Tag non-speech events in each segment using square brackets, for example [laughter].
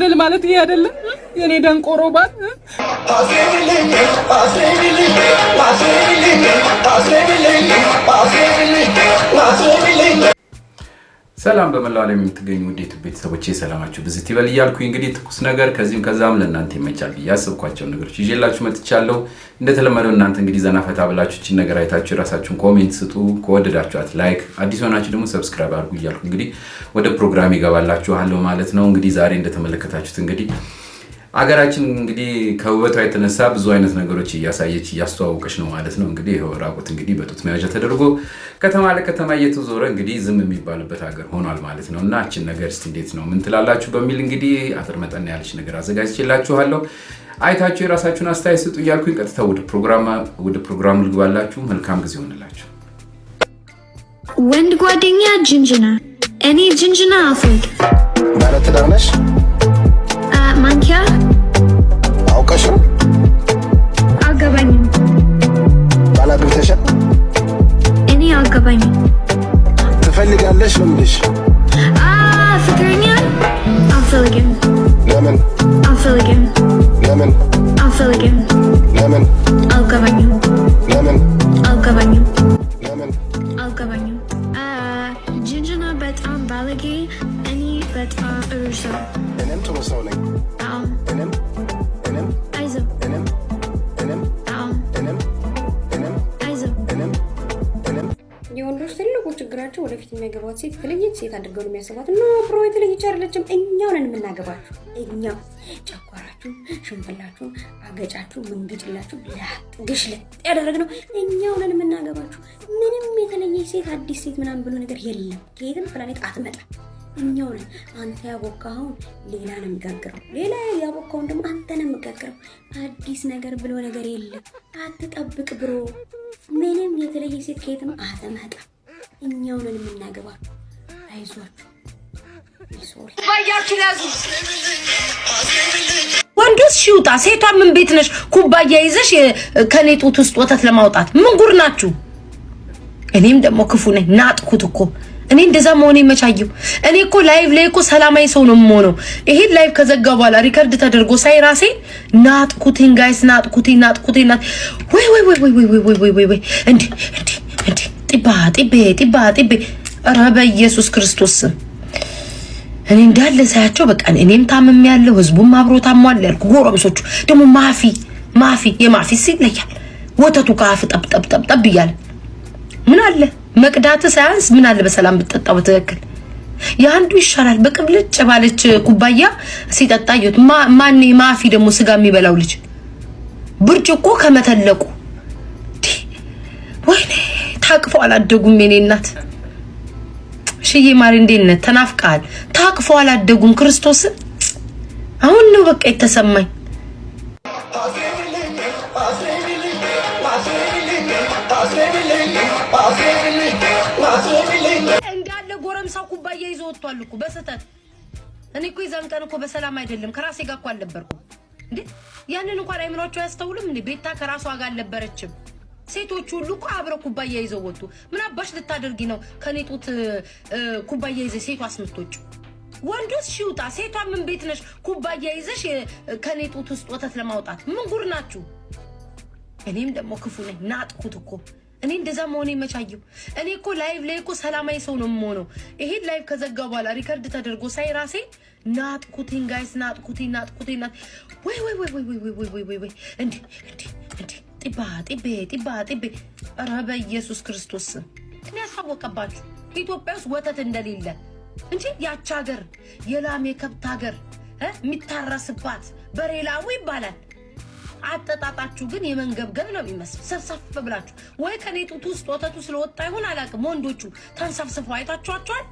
ገደል ማለት ይሄ አይደለም? የኔ ደንቆሮ ባል ሰላም በመላው ዓለም የምትገኙ ውዴት ቤተሰቦቼ ሰላማችሁ ብዝት ይበል እያልኩ እንግዲህ ትኩስ ነገር ከዚህም ከዛም ለእናንተ ይመቻል ብዬ ያሰብኳቸውን ነገሮች ይዤላችሁ መጥቻለሁ። እንደተለመደው እናንተ እንግዲህ ዘና ፈታ ብላችሁ ነገር አይታችሁ የራሳችሁን ኮሜንት ስጡ። ከወደዳችኋት ላይክ፣ አዲስ ሆናችሁ ደግሞ ሰብስክራይብ አድርጉ እያልኩ እንግዲህ ወደ ፕሮግራም ይገባላችኋለሁ ማለት ነው። እንግዲህ ዛሬ እንደተመለከታችሁት እንግዲህ አገራችን እንግዲህ ከውበቷ የተነሳ ብዙ አይነት ነገሮች እያሳየች እያስተዋወቀች ነው ማለት ነው። እንግዲህ ይኸው ራቁት እንግዲህ በጡት መያዣ ተደርጎ ከተማ ለከተማ እየተዞረ እንግዲህ ዝም የሚባልበት ሀገር ሆኗል ማለት ነው። እና አችን ነገር እስኪ እንዴት ነው ምን ትላላችሁ በሚል እንግዲህ አጥር መጠን ያለች ነገር አዘጋጅቼላችኋለሁ። አይታችሁ የራሳችሁን አስተያየት ስጡ እያልኩኝ ቀጥታ ወደ ፕሮግራሙ ልግባላችሁ። መልካም ጊዜ ሆንላችሁ። ወንድ ጓደኛ ጅንጅና እኔ ጅንጅና አፎግ ባለትዳር ነሽ? የወንዶች ትልቁ ችግራቸው ወደፊት የሚያገባት ሴት የተለየች ሴት አድርገው ነው የሚያስባት። ኖ ብሮ የተለየች አይደለችም። እኛው ነን የምናገባችሁ። እኛው ጨጓራችሁ፣ ሽንፍላችሁ፣ አገጫችሁ፣ ምንግጭላችሁ ላጥግሽ ለ ያደረግነው እኛው ነን የምናገባችሁ። ምንም የተለየች ሴት አዲስ ሴት ምናምን ብሎ ነገር የለም። ከየትም ፕላኔት አትመጣም። እኛው ነን። አንተ ያቦካኸውን ሌላ ነው የሚጋግረው፣ ሌላ ያቦካውን ደግሞ አንተ ነው የሚጋግረው። አዲስ ነገር ብሎ ነገር የለም። አትጠብቅ ብሎ ምንም የተለየ ሴት ነው አተመጣ። እኛው ነን የምናገባ። አይዟችሁ ወንዶች ሴቷ ምን ቤት ነሽ? ኩባያ ይዘሽ ከኔ ጡት ውስጥ ወተት ለማውጣት ምን ጉር ናችሁ? እኔም ደግሞ ክፉ ነኝ ናጥኩት እኮ እኔ እንደዛ መሆን ይመቻየው። እኔ እኮ ላይቭ ላይ እኮ ሰላማዊ ሰው ነው የምሆነው። ይሄን ላይቭ ከዘጋ በኋላ ሪከርድ ተደርጎ ሳይ ራሴ ናጥኩቴን፣ ጋይስ ናጥኩቴን፣ ናጥኩቴን፣ ናት ወይ ወይ ወይ ወይ ወይ ወይ ወይ ወይ ወይ ወይ እንዲ እንዲ እንዲ ጢባ ጢቤ ጢባ ጢቤ። ኧረ በኢየሱስ ክርስቶስ እኔ እንዳለ ሳያቸው በቃ እኔም ታምም ያለው ህዝቡም አብሮ ታሟል ያልኩ ጎረምሶቹ ደግሞ ማፊ ማፊ የማፊ ሲለያል ወተቱ ከአፍ ጠብ እያለ ምን አለ መቅዳት ሳያንስ ምን አለ በሰላም ብትጠጣው። በትክክል የአንዱ ይሻላል። በቅብልጭ ባለች ኩባያ ሲጠጣ እዩት። ማን ማፊ ደግሞ ስጋ የሚበላው ልጅ ብርጭቆ ከመተለቁ ወይኔ ታቅፈው አላደጉም። የኔ እናት ሽዬ ማሪ እንዴት ተናፍቀሃል። ታቅፈው አላደጉም። ክርስቶስን አሁን ነው በቃ የተሰማኝ። አሁንም ሰው ኩባያ ይዞ ወጥቷል እኮ በስህተት። እኔ እኮ የዛን ቀን እኮ በሰላም አይደለም ከራሴ ጋር እኮ አልነበርኩም እንዴ። ያንን እንኳን አይምሯቸው አያስተውልም እንዴ? ቤታ ከራሷ ጋር አልነበረችም። ሴቶች ሁሉ እኮ አብረው ኩባያ ይዘው ወጡ። ምን አባሽ ልታደርጊ ነው? ከኔ ጡት ኩባያ ይዘ ሴቷ አስምቶች ወንዱስ ሽውጣ ሴቷ ምን ቤት ነሽ? ኩባያ ይዘሽ ከኔ ጡት ውስጥ ወተት ለማውጣት ምን ጉር ናችሁ? እኔም ደግሞ ክፉ ነኝ ናጥኩት እኮ እኔ እንደዛ መሆን መቻየው። እኔ እኮ ላይቭ ላይ እኮ ሰላማዊ ሰው ነው የምሆነው። ይሄን ላይቭ ከዘጋው በኋላ ሪከርድ ተደርጎ ሳይ ራሴ ናጥኩቴን፣ ጋይስ ናጥኩቴን፣ ናጥኩቴን፣ ናጥ ወይ ወይ ወይ ወይ ወይ ወይ ወይ ወይ ወይ እንዴ እንዴ እንዴ ጢባ ጢቤ ጢባ ጢቤ። ክርስቶስ እኔ ያሳወቀባችሁ ኢትዮጵያ ውስጥ ወተት እንደሌለ እንጂ ያች ሀገር የላም የከብት ሀገር የሚታረስባት በሬ ላሙ ይባላል። አጠጣጣችሁ ግን የመንገብገብ ነው የሚመስል። ሰብሰፍ ብላችሁ ወይ ከኔጡት ውስጥ ወተቱ ስለወጣ ይሆን አላውቅም። ወንዶቹ ተንሰፍስፈው አይታችኋቸዋል።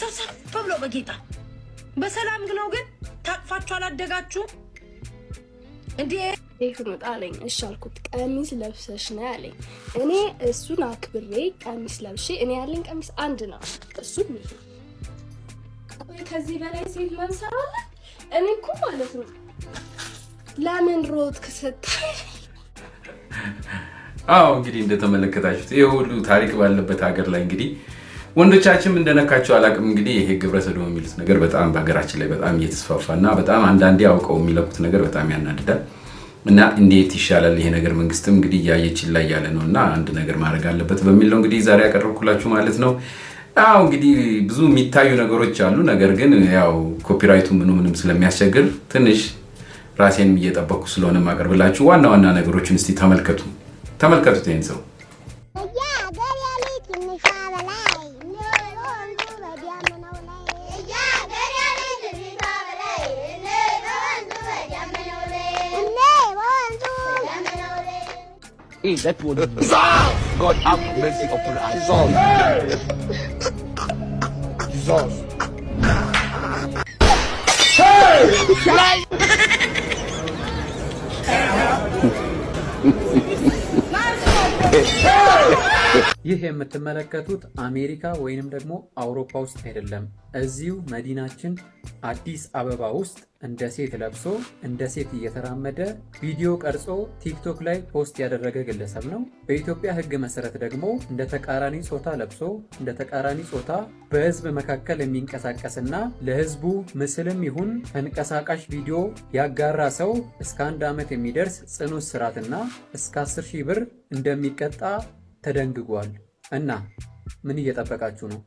ሰብሰፍ ብሎ በጌታ በሰላም ነው ግን ታቅፋችሁ አላደጋችሁም እንዴ? ይፍሩጥ አለኝ። እሺ አልኩት። ቀሚስ ለብሰሽ ነው ያለኝ። እኔ እሱን አክብሬ ቀሚስ ለብሼ እኔ ያለኝ ቀሚስ አንድ ነው። እሱ ከዚህ በላይ ሴት መንሰራለ እኔ እኮ ማለት ነው ለምን ሮጥክ ስታይ? አዎ እንግዲህ እንደተመለከታችሁት ይህ ሁሉ ታሪክ ባለበት ሀገር ላይ እንግዲህ ወንዶቻችን እንደነካቸው አላውቅም። እንግዲህ ይሄ ግብረ ሰዶም የሚሉት ነገር በጣም በሀገራችን ላይ በጣም እየተስፋፋ እና በጣም አንዳንዴ አውቀው የሚለቁት ነገር በጣም ያናድዳል እና እንዴት ይሻላል ይሄ ነገር መንግስትም እንግዲህ እያየችን ላይ ያለ ነው እና አንድ ነገር ማድረግ አለበት በሚል ነው እንግዲህ ዛሬ ያቀረብኩላችሁ ማለት ነው። አዎ እንግዲህ ብዙ የሚታዩ ነገሮች አሉ። ነገር ግን ያው ኮፒራይቱ ምኑ ምንም ስለሚያስቸግር ትንሽ ራሴንም እየጠበቅኩ ስለሆነ ማቀርብላችሁ ዋና ዋና ነገሮችን እስቲ ተመልከቱ ተመልከቱት ይህን ሰው Marco! [laughs] ይህ የምትመለከቱት አሜሪካ ወይንም ደግሞ አውሮፓ ውስጥ አይደለም። እዚሁ መዲናችን አዲስ አበባ ውስጥ እንደ ሴት ለብሶ እንደ ሴት እየተራመደ ቪዲዮ ቀርጾ ቲክቶክ ላይ ፖስት ያደረገ ግለሰብ ነው። በኢትዮጵያ ሕግ መሰረት ደግሞ እንደ ተቃራኒ ጾታ ለብሶ እንደ ተቃራኒ ጾታ በሕዝብ መካከል የሚንቀሳቀስና ለሕዝቡ ምስልም ይሁን ተንቀሳቃሽ ቪዲዮ ያጋራ ሰው እስከ አንድ ዓመት የሚደርስ ጽኑ እስራትና እስከ 10 ሺህ ብር እንደሚቀጣ ተደንግጓል። እና ምን እየጠበቃችሁ ነው?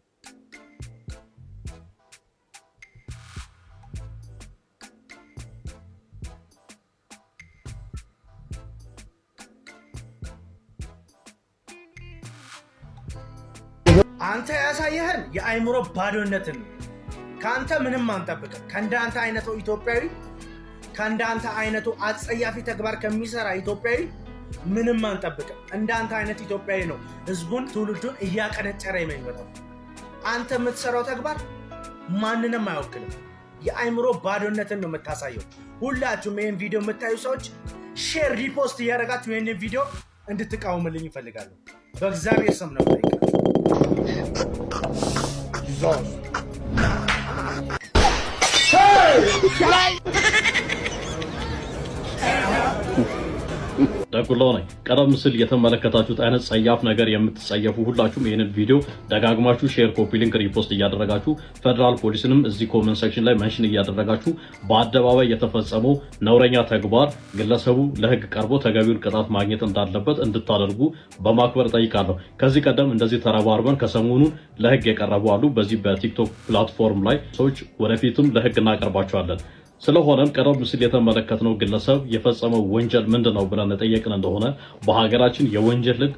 አንተ ያሳየህን የአይምሮ ባዶነትን ከአንተ ምንም አንጠብቅም። ከእንዳንተ አይነቱ ኢትዮጵያዊ ከእንዳንተ አይነቱ አጸያፊ ተግባር ከሚሰራ ኢትዮጵያዊ ምንም አንጠብቅም። እንዳንተ አይነት ኢትዮጵያዊ ነው ህዝቡን ትውልዱን እያቀነጨረ የሚመጣው። አንተ የምትሰራው ተግባር ማንንም አይወክልም። የአይምሮ ባዶነትን ነው የምታሳየው። ሁላችሁም ይህን ቪዲዮ የምታዩ ሰዎች ሼር፣ ሪፖስት እያደረጋችሁ ይህንን ቪዲዮ እንድትቃወምልኝ ይፈልጋለሁ። በእግዚአብሔር ስም ነው ደጉላው ነኝ። ቀደም ሲል የተመለከታችሁት አይነት ጸያፍ ነገር የምትጸየፉ ሁላችሁም ይህንን ቪዲዮ ደጋግማችሁ ሼር፣ ኮፒ ሊንክ፣ ሪፖስት እያደረጋችሁ ፌደራል ፖሊስንም እዚህ ኮመንት ሴክሽን ላይ መንሽን እያደረጋችሁ በአደባባይ የተፈጸመው ነውረኛ ተግባር ግለሰቡ ለህግ ቀርቦ ተገቢውን ቅጣት ማግኘት እንዳለበት እንድታደርጉ በማክበር ጠይቃለሁ። ከዚህ ቀደም እንደዚህ ተረባርበን ከሰሞኑ ለህግ የቀረቡ አሉ በዚህ በቲክቶክ ፕላትፎርም ላይ ሰዎች ወደፊትም ለህግ እናቀርባቸዋለን። ስለሆነም ቀደም ሲል የተመለከትነው ግለሰብ የፈጸመው ወንጀል ምንድን ነው ብለን ጠየቅን እንደሆነ በሀገራችን የወንጀል ሕግ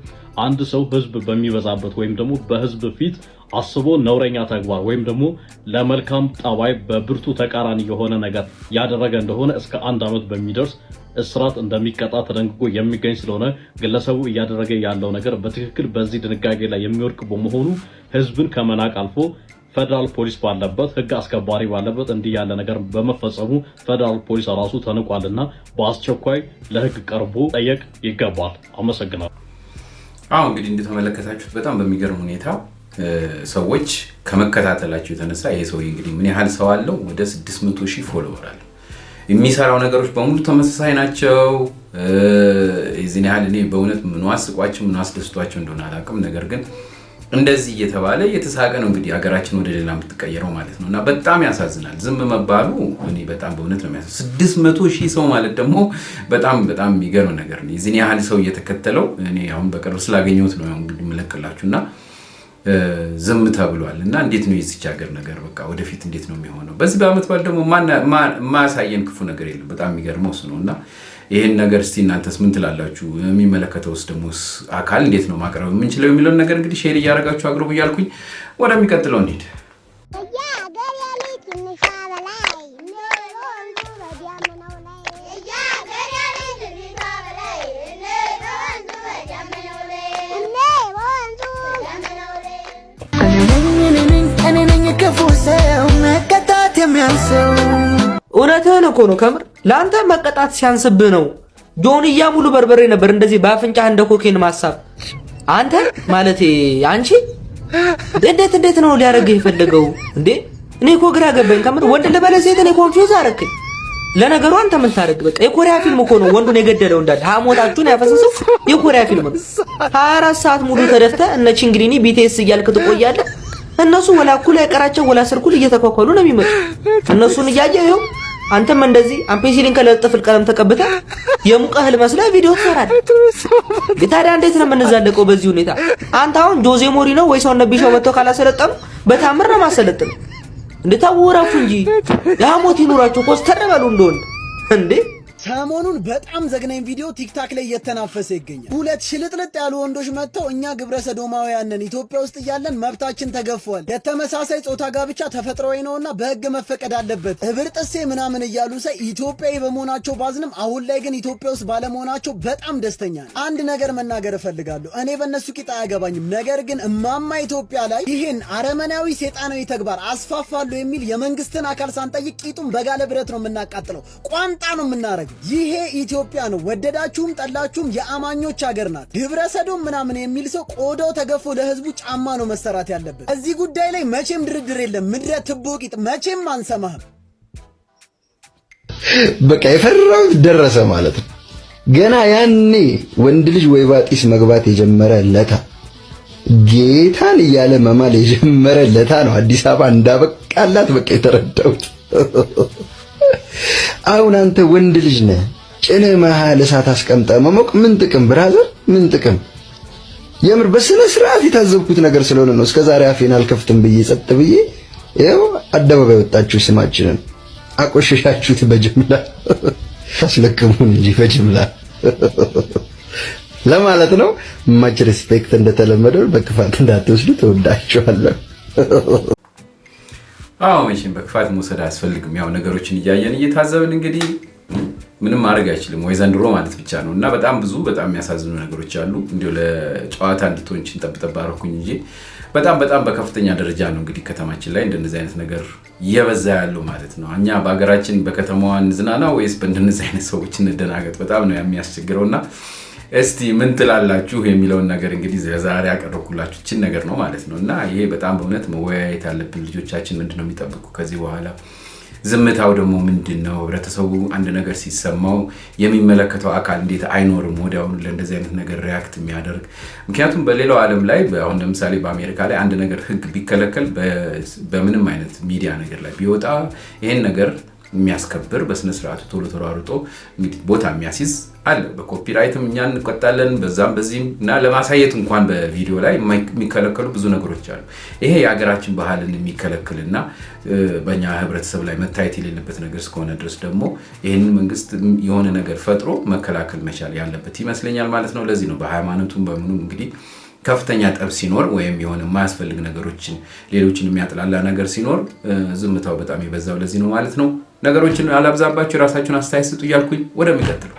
አንድ ሰው ህዝብ በሚበዛበት ወይም ደግሞ በህዝብ ፊት አስቦ ነውረኛ ተግባር ወይም ደግሞ ለመልካም ጠባይ በብርቱ ተቃራኒ የሆነ ነገር ያደረገ እንደሆነ እስከ አንድ ዓመት በሚደርስ እስራት እንደሚቀጣ ተደንግጎ የሚገኝ ስለሆነ ግለሰቡ እያደረገ ያለው ነገር በትክክል በዚህ ድንጋጌ ላይ የሚወድቅ በመሆኑ ህዝብን ከመናቅ አልፎ ፌደራል ፖሊስ ባለበት ህግ አስከባሪ ባለበት እንዲህ ያለ ነገር በመፈጸሙ ፌደራል ፖሊስ ራሱ ተንቋልና በአስቸኳይ ለህግ ቀርቦ ጠየቅ ይገባል። አመሰግናለሁ። አሁ እንግዲህ እንደተመለከታችሁት በጣም በሚገርም ሁኔታ ሰዎች ከመከታተላቸው የተነሳ ይሄ ሰው እንግዲህ ምን ያህል ሰው አለው? ወደ 600 ሺህ ፎሎወር አለው። የሚሰራው ነገሮች በሙሉ ተመሳሳይ ናቸው። የዚህን ያህል እኔ በእውነት ምን አስቋቸው ምን አስደስቷቸው እንደሆነ አላውቅም ነገር ግን እንደዚህ እየተባለ እየተሳቀ ነው እንግዲህ ሀገራችን ወደ ሌላ የምትቀየረው ማለት ነው። እና በጣም ያሳዝናል። ዝም መባሉ እኔ በጣም በእውነት ነው ያ ስድስት መቶ ሺህ ሰው ማለት ደግሞ በጣም በጣም የሚገርም ነገር ነው። የዚህን ያህል ሰው እየተከተለው እኔ አሁን በቅርብ ስላገኘሁት ነው እንግዲህ የምለቅላችሁ እና ዝም ተብሏል እና እንዴት ነው የዚች ሀገር ነገር በቃ ወደፊት እንዴት ነው የሚሆነው? በዚህ በዓመት በዓል ደግሞ የማያሳየን ክፉ ነገር የለም። በጣም የሚገርመው እሱ ነው እና ይህን ነገር እስቲ እናንተስ ምን ትላላችሁ? የሚመለከተውስ ደግሞ አካል እንዴት ነው ማቅረብ የምንችለው የሚለውን ነገር እንግዲህ ሼር እያደረጋችሁ አቅርቡ እያልኩኝ ወደሚቀጥለው እንሂድ። I'm so እኮ ነው ከምር ለአንተ መቀጣት ሲያንስብህ ነው። ዶንያ ሙሉ በርበሬ ነበር እንደዚህ በአፍንጫህ እንደ ኮኬን ማሳብ። አንተ ማለት አንቺ እንዴት እንዴት ነው ሊያደርግህ የፈለገው እንዴ? እኔ እኮ ግራ ገባኝ ከምር። ወንድ ልበለህ ሴት? እኔ ኮንፊውዝ አደረግኝ። ለነገሩ አንተ ምን ታደርግ፣ በቃ የኮሪያ ፊልም እኮ ነው ወንዱን የገደለው እንዳለ ሐሞታችሁን ያፈሰሰው የኮሪያ ፊልም ነው። 24 ሰዓት ሙሉ ተደፍተ እነ ቺንግሪኒ ቢቲኤስ እያልክ ትቆያለህ። እነሱ ወላኩ ላይ ቀራቸው ወላ ስርኩል እየተኳኳሉ ነው የሚመጡ እነሱን እያየህ ይኸው አንተም እንደዚህ አምፔሲሊን ከለጠፍል ቀለም ተቀብተ የሙቀህል መስለ ቪዲዮ ትሰራል። ታዲያ እንዴት ነው የምንዛለቀው በዚህ ሁኔታ? አንተ አሁን ጆዜ ሞሪ ነው ወይ ሰው ነብይሻው መጥተው ካላሰለጠኑ በታምር ነው ማሰለጥን። እንዴ እንጂ ያሞት ይኑራችሁ ኮስተር በሉ እንደሆነ እንዴ ሰሞኑን በጣም ዘግናኝ ቪዲዮ ቲክታክ ላይ እየተናፈሰ ይገኛል። ሁለት ሽልጥልጥ ያሉ ወንዶች መጥተው እኛ ግብረ ሰዶማውያንን ኢትዮጵያ ውስጥ እያለን መብታችን ተገፏል፣ የተመሳሳይ ጾታ ጋብቻ ተፈጥሯዊ ነውና በህግ መፈቀድ አለበት፣ እብር ጥሴ ምናምን እያሉ ሰ ኢትዮጵያዊ በመሆናቸው ባዝንም አሁን ላይ ግን ኢትዮጵያ ውስጥ ባለመሆናቸው በጣም ደስተኛ አንድ ነገር መናገር እፈልጋለሁ። እኔ በእነሱ ቂጥ አያገባኝም። ነገር ግን እማማ ኢትዮጵያ ላይ ይህን አረመናዊ ሴጣናዊ ተግባር አስፋፋሉ የሚል የመንግስትን አካል ሳንጠይቅ ቂጡን በጋለ ብረት ነው የምናቃጥለው፣ ቋንጣ ነው የምናረግ ነው። ይሄ ኢትዮጵያ ነው። ወደዳችሁም ጠላችሁም የአማኞች ሀገር ናት። ግብረ ሰዶም ምናምን የሚል ሰው ቆዳው ተገፎ ለህዝቡ ጫማ ነው መሰራት ያለበት። እዚህ ጉዳይ ላይ መቼም ድርድር የለም። ምድረ ትቦቂጥ መቼም አንሰማህም። በቃ የፈራው ደረሰ ማለት ነው። ገና ያኔ ወንድ ልጅ ወይባ ጢስ መግባት የጀመረ ለታ ጌታን እያለ መማል የጀመረ ለታ ነው አዲስ አበባ እንዳበቃላት በቃ የተረዳሁት። አሁን አንተ ወንድ ልጅ ነህ። ጭነ መሀል እሳት አስቀምጠ መሞቅ ምን ጥቅም? ብራዘር ምን ጥቅም? የምር በስነ ስርዓት የታዘብኩት ነገር ስለሆነ ነው። እስከዛሬ አፌን አልከፍትም ብዬ ጸጥ ብዬ ይኸው አደባባይ ወጣችሁ ስማችንን አቆሸሻችሁት። በጅምላ ታስለቅሙን [laughs] እንጂ በጅምላ [laughs] ለማለት ነው። ማች ሪስፔክት እንደተለመደው በክፋት እንዳትወስዱ። ተወዳችኋለሁ። [laughs] አዎ መቼም በክፋት መውሰድ አያስፈልግም። ያው ነገሮችን እያየን እየታዘብን እንግዲህ ምንም ማድረግ አይችልም ወይ ዘንድሮ ማለት ብቻ ነው። እና በጣም ብዙ በጣም የሚያሳዝኑ ነገሮች አሉ። እንዲሁ ለጨዋታ እንድትሆንችን ጠብጠብ አደረኩኝ እንጂ በጣም በጣም በከፍተኛ ደረጃ ነው እንግዲህ ከተማችን ላይ እንደነዚህ አይነት ነገር እየበዛ ያለው ማለት ነው። እኛ በሀገራችን በከተማዋ እንዝናና ወይስ በእንደነዚህ አይነት ሰዎች እንደናገጥ? በጣም ነው የሚያስቸግረው እና እስቲ ምን ትላላችሁ የሚለውን ነገር እንግዲህ ዛሬ ያቀረብኩላችሁ ችን ነገር ነው ማለት ነው። እና ይሄ በጣም በእውነት መወያየት አለብን። ልጆቻችን ምንድን ነው የሚጠብቁ ከዚህ በኋላ ዝምታው ደግሞ ምንድን ነው? ህብረተሰቡ አንድ ነገር ሲሰማው የሚመለከተው አካል እንዴት አይኖርም ወዲያውኑ ለእንደዚህ አይነት ነገር ሪያክት የሚያደርግ ምክንያቱም በሌላው ዓለም ላይ አሁን ለምሳሌ በአሜሪካ ላይ አንድ ነገር ህግ ቢከለከል በምንም አይነት ሚዲያ ነገር ላይ ቢወጣ ይሄን ነገር የሚያስከብር በስነ ስርዓቱ ቶሎ ተሯሩጦ እንግዲህ ቦታ የሚያስይዝ አለ። በኮፒራይትም እኛ እንቆጣለን በዛም በዚህም እና ለማሳየት እንኳን በቪዲዮ ላይ የሚከለከሉ ብዙ ነገሮች አሉ። ይሄ የሀገራችን ባህልን የሚከለክልና በእኛ ህብረተሰብ ላይ መታየት የሌለበት ነገር እስከሆነ ድረስ ደግሞ ይህንን መንግስት የሆነ ነገር ፈጥሮ መከላከል መቻል ያለበት ይመስለኛል ማለት ነው። ለዚህ ነው በሃይማኖቱም በምኑም እንግዲህ ከፍተኛ ጠብ ሲኖር ወይም የሆነ የማያስፈልግ ነገሮችን ሌሎችን የሚያጥላላ ነገር ሲኖር ዝምታው በጣም የበዛው ለዚህ ነው ማለት ነው። ነገሮችን አላብዛባችሁ፣ የራሳችሁን አስተያየት ስጡ እያልኩኝ ወደሚቀጥለው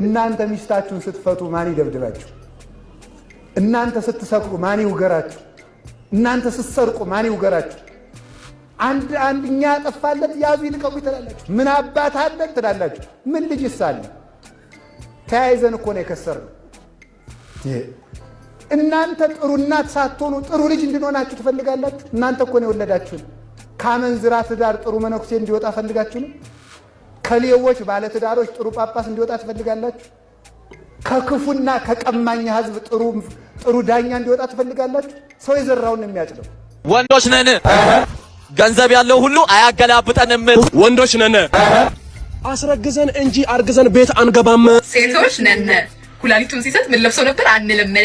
እናንተ ሚስታችሁን ስትፈቱ ማን ይደብድባችሁ? እናንተ ስትሰቅሉ ማን ይውገራችሁ? እናንተ ስትሰርቁ ማን ይውገራችሁ? አንድ አንድኛ ያጠፋለት ያዙ ይልቀቁ ትላላችሁ። ምን አባት አለን ትላላችሁ። ምን ልጅ ይሳለ ተያይዘን እኮ ነው የከሰርነው። እናንተ ጥሩ እናት ሳትሆኑ ጥሩ ልጅ እንድንሆናችሁ ትፈልጋላችሁ። እናንተ እኮ ነው የወለዳችሁን። ከአመንዝራ ትዳር ጥሩ መነኩሴ እንዲወጣ ፈልጋችሁ ነው። ከሌቦች ባለትዳሮች ጥሩ ጳጳስ እንዲወጣ ትፈልጋላችሁ። ከክፉና ከቀማኛ ህዝብ ጥሩ ጥሩ ዳኛ እንዲወጣ ትፈልጋላችሁ። ሰው የዘራውን ነው የሚያጭደው። ወንዶች ነን ገንዘብ ያለው ሁሉ አያገላብጠንም። ወንዶች ነን አስረግዘን እንጂ አርግዘን ቤት አንገባም። ሴቶች ነን ኩላሊቱን ሲሰጥ ምን ለብሰው ነበር አንለምነ።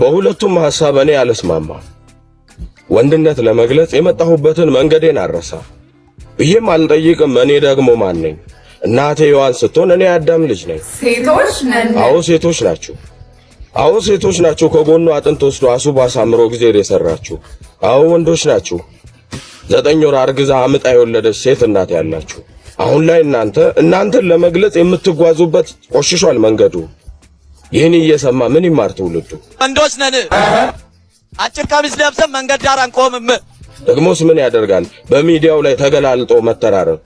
በሁለቱም ሀሳብ እኔ አልስማማ። ወንድነት ለመግለጽ የመጣሁበትን መንገዴን አረሳ ብዬም አልጠይቅም። እኔ ደግሞ ማን ነኝ? እናቴ ሔዋን ስትሆን እኔ አዳም ልጅ ነኝ። ሴቶች ነን። አዎ ሴቶች ናችሁ። አዎ ሴቶች ናችሁ። ከጎኑ አጥንት ወስዶ አሱ አሳምሮ ጊዜ የሰራችሁ። አዎ ወንዶች ናችሁ። ዘጠኝ ወር አርግዛ አምጣ የወለደች ሴት እናት ያላችሁ አሁን ላይ እናንተ እናንተን ለመግለጽ የምትጓዙበት ቆሽሿል መንገዱ። ይህን እየሰማ ምን ይማር ትውልዱ? ወንዶች ነን፣ አጭር ቀሚስ ለብሰን መንገድ ዳር አንቆምም። ደግሞስ ምን ያደርጋል? በሚዲያው ላይ ተገላልጦ መተራረብ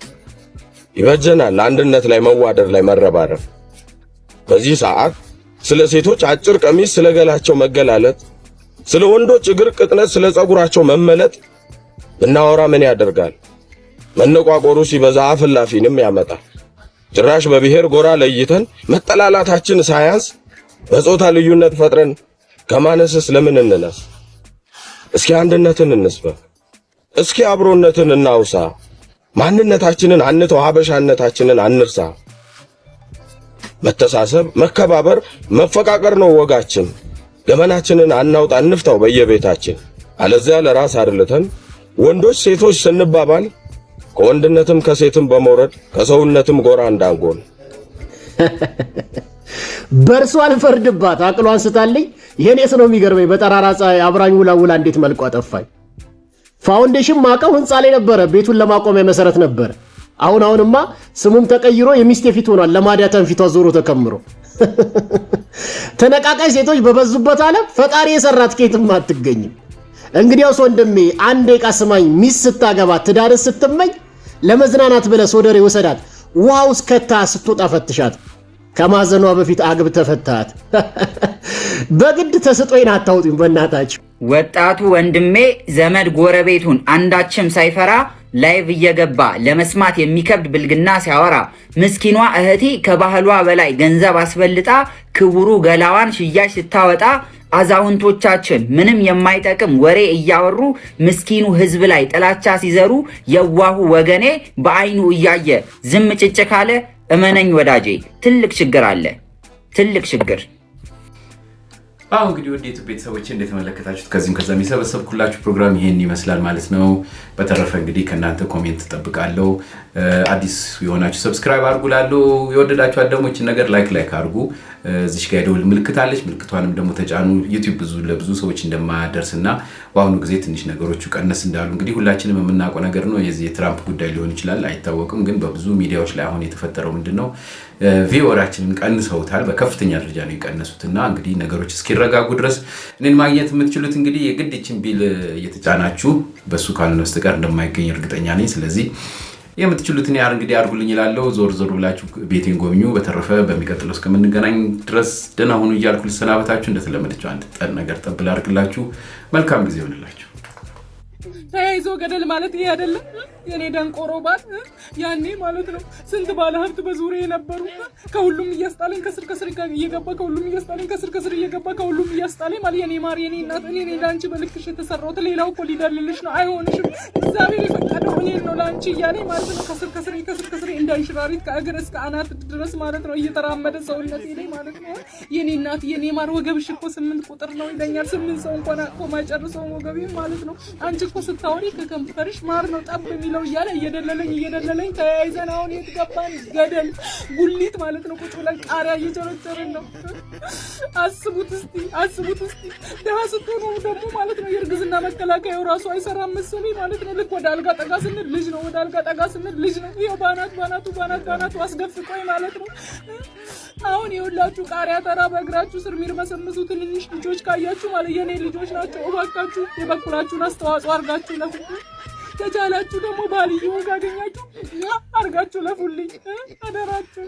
ይበጀናል። አንድነት ላይ መዋደር ላይ መረባረብ። በዚህ ሰዓት ስለ ሴቶች አጭር ቀሚስ፣ ስለ ገላቸው መገላለጥ፣ ስለ ወንዶች እግር ቅጥነት፣ ስለ ጸጉራቸው መመለጥ ብናወራ ምን ያደርጋል? መነቋቆሩ ሲበዛ አፍላፊንም ያመጣል። ጭራሽ በብሔር ጎራ ለይተን መጠላላታችን ሳያንስ በጾታ ልዩነት ፈጥረን ከማነስስ ለምን እንነስ? እስኪ አንድነትን እንስበ፣ እስኪ አብሮነትን እናውሳ። ማንነታችንን አንተው፣ ሀበሻነታችንን አንርሳ። መተሳሰብ፣ መከባበር፣ መፈቃቀር ነው ወጋችን። ገመናችንን አናውጣ፣ እንፍታው በየቤታችን። አለዚያ ለራስ አድልተን ወንዶች ሴቶች ስንባባል ከወንድነትም ከሴትም በመውረድ ከሰውነትም ጎራ እንዳንጎን [laughs] በእርሷ አልፈርድባት። አቅሎ አንስታልኝ ይሄን ነው የሚገርመኝ። በጠራራ ፀሐይ አብራኝ ውላውላ እንዴት መልኩ አጠፋኝ። ፋውንዴሽን ማቀው ህንፃ ላይ ነበረ፣ ቤቱን ለማቆሚያ መሰረት ነበረ። አሁን አሁንማ ስሙም ተቀይሮ የሚስቴ ፊት ሆኗል። ለማዳተን ፊቷ ዞሮ ተከምሮ [laughs] ተነቃቃይ ሴቶች በበዙበት አለም ፈጣሪ የሰራት ከየትም አትገኝም። እንግዲያውስ ወንድሜ አንድ የቃ ሚስ ሚስት ስታገባ ትዳር ስትመኝ ለመዝናናት ብለህ ሶደሬ ውሰዳት፣ ውሃ ውስጥ ከታ ስትወጣ ፈትሻት። ከማዘኗ በፊት አግብ ተፈታት [laughs] በግድ ተስጦይን አታውጡኝ በእናታችሁ። ወጣቱ ወንድሜ ዘመድ ጎረቤቱን አንዳችም ሳይፈራ ላይቭ እየገባ ለመስማት የሚከብድ ብልግና ሲያወራ ምስኪኗ እህቴ ከባህሏ በላይ ገንዘብ አስበልጣ ክቡሩ ገላዋን ሽያጭ ስታወጣ አዛውንቶቻችን ምንም የማይጠቅም ወሬ እያወሩ ምስኪኑ ህዝብ ላይ ጥላቻ ሲዘሩ የዋሁ ወገኔ በአይኑ እያየ ዝም ጭጭ ካለ እመነኝ ወዳጄ ትልቅ ችግር አለ። ትልቅ ችግር አሁ እንግዲህ ውድ ቤተሰቦች እንደተመለከታችሁት ከዚህም ከዛ የሚሰበሰብኩላችሁ ፕሮግራም ይሄን ይመስላል ማለት ነው። በተረፈ እንግዲህ ከእናንተ ኮሜንት እጠብቃለሁ። አዲስ የሆናችሁ ሰብስክራይብ አድርጉ የወደዳችሁ አደሞችን ነገር ላይክ ላይክ አድርጉ። እዚች ጋ የደውል ምልክት አለች። ምልክቷንም ደግሞ ተጫኑ። ዩቲዩብ ብዙ ለብዙ ሰዎች እንደማያደርስ እና በአሁኑ ጊዜ ትንሽ ነገሮቹ ቀነስ እንዳሉ እንግዲህ ሁላችንም የምናውቀው ነገር ነው። የዚህ የትራምፕ ጉዳይ ሊሆን ይችላል አይታወቅም። ግን በብዙ ሚዲያዎች ላይ አሁን የተፈጠረው ምንድን ነው ቪወራችንን ቀንሰውታል። በከፍተኛ ደረጃ ነው የቀነሱትና እንግዲህ ነገሮች እስኪረጋጉ ድረስ እኔን ማግኘት የምትችሉት እንግዲህ የግድችን ቢል እየተጫናችሁ በእሱ ካልሆነ በስተቀር እንደማይገኝ እርግጠኛ ነኝ። ስለዚህ የምትችሉትን ያህል እንግዲህ አድርጉልኝ እላለሁ። ዞር ዞር ብላችሁ ቤቴን ጎብኙ። በተረፈ በሚቀጥለው እስከምንገናኝ ድረስ ደህና ሁኑ እያልኩ ልሰናበታችሁ። እንደተለመደችው አንድ ጠን ነገር ጠብ ላድርግላችሁ። መልካም ጊዜ ይሆንላችሁ። ተያይዞ ገደል ማለት ይሄ አይደለም። የኔ ደንቆሮ ባል ያኔ ማለት ነው ስንት ባለ ሀብት በዙሪያ የነበሩ ከሁሉም እያስጣለኝ ከስር ከስር እየገባ ከሁሉም እያስጣለኝ ከስር ከስር እየገባ ከሁሉም እያስጣለኝ ማለት የኔ ማር የኔ እናት እኔ እኔ ለአንቺ በልክሽ የተሰራሁት ሌላው እኮ ሊደልልሽ ነው። አይሆንሽም፣ እግዚአብሔር የፈቀደው እኔ ነው ለአንቺ እያለኝ ማለት ነው ከስር ከስር ከስር ከስር እንዳንሽራሪት ከእግር እስከ አናት ድረስ ማለት ነው እየተራመደ ሰውነት ኔ ማለት ነው የኔ እናት የኔ ማር ወገብሽ እኮ ስምንት ቁጥር ነው ይለኛል። ስምንት ሰው እንኳን አቆማ ጨርሰውን ወገቤ ማለት ነው አንቺ እኮ ስታወሪ ከከንፈርሽ ማር ነው ጠብ የሚለው ነው እያለ እየደለለኝ እየደለለኝ ተያይዘን አሁን የት ገባን? ገደል ጉሊት ማለት ነው። ቁጭ ብለን ቃሪያ እየጨረጨርን ነው። አስቡት እስቲ አስቡት እስቲ ደሀ ስትሆኑ ደግሞ ማለት ነው የእርግዝና መከላከያው ራሱ አይሰራም መሰለኝ ማለት ነው። ልክ ወደ አልጋ ጠጋ ስንል ልጅ ነው፣ ወደ አልጋ ጠጋ ስንል ልጅ ነው። ይኸው ባናት ባናቱ ባናት ባናቱ አስደፍቆኝ ማለት ነው። አሁን የሁላችሁ ቃሪያ ተራ በእግራችሁ ስር የሚርመሰምሱ ትንንሽ ልጆች ካያችሁ ማለት የኔ ልጆች ናቸው። እባካችሁ የበኩላችሁን አስተዋጽኦ አድርጋችሁ ለፍ ተቻላችሁ ደግሞ ባልየውን ካገኛችሁ አርጋችሁ ለፉልኝ አደራችሁ።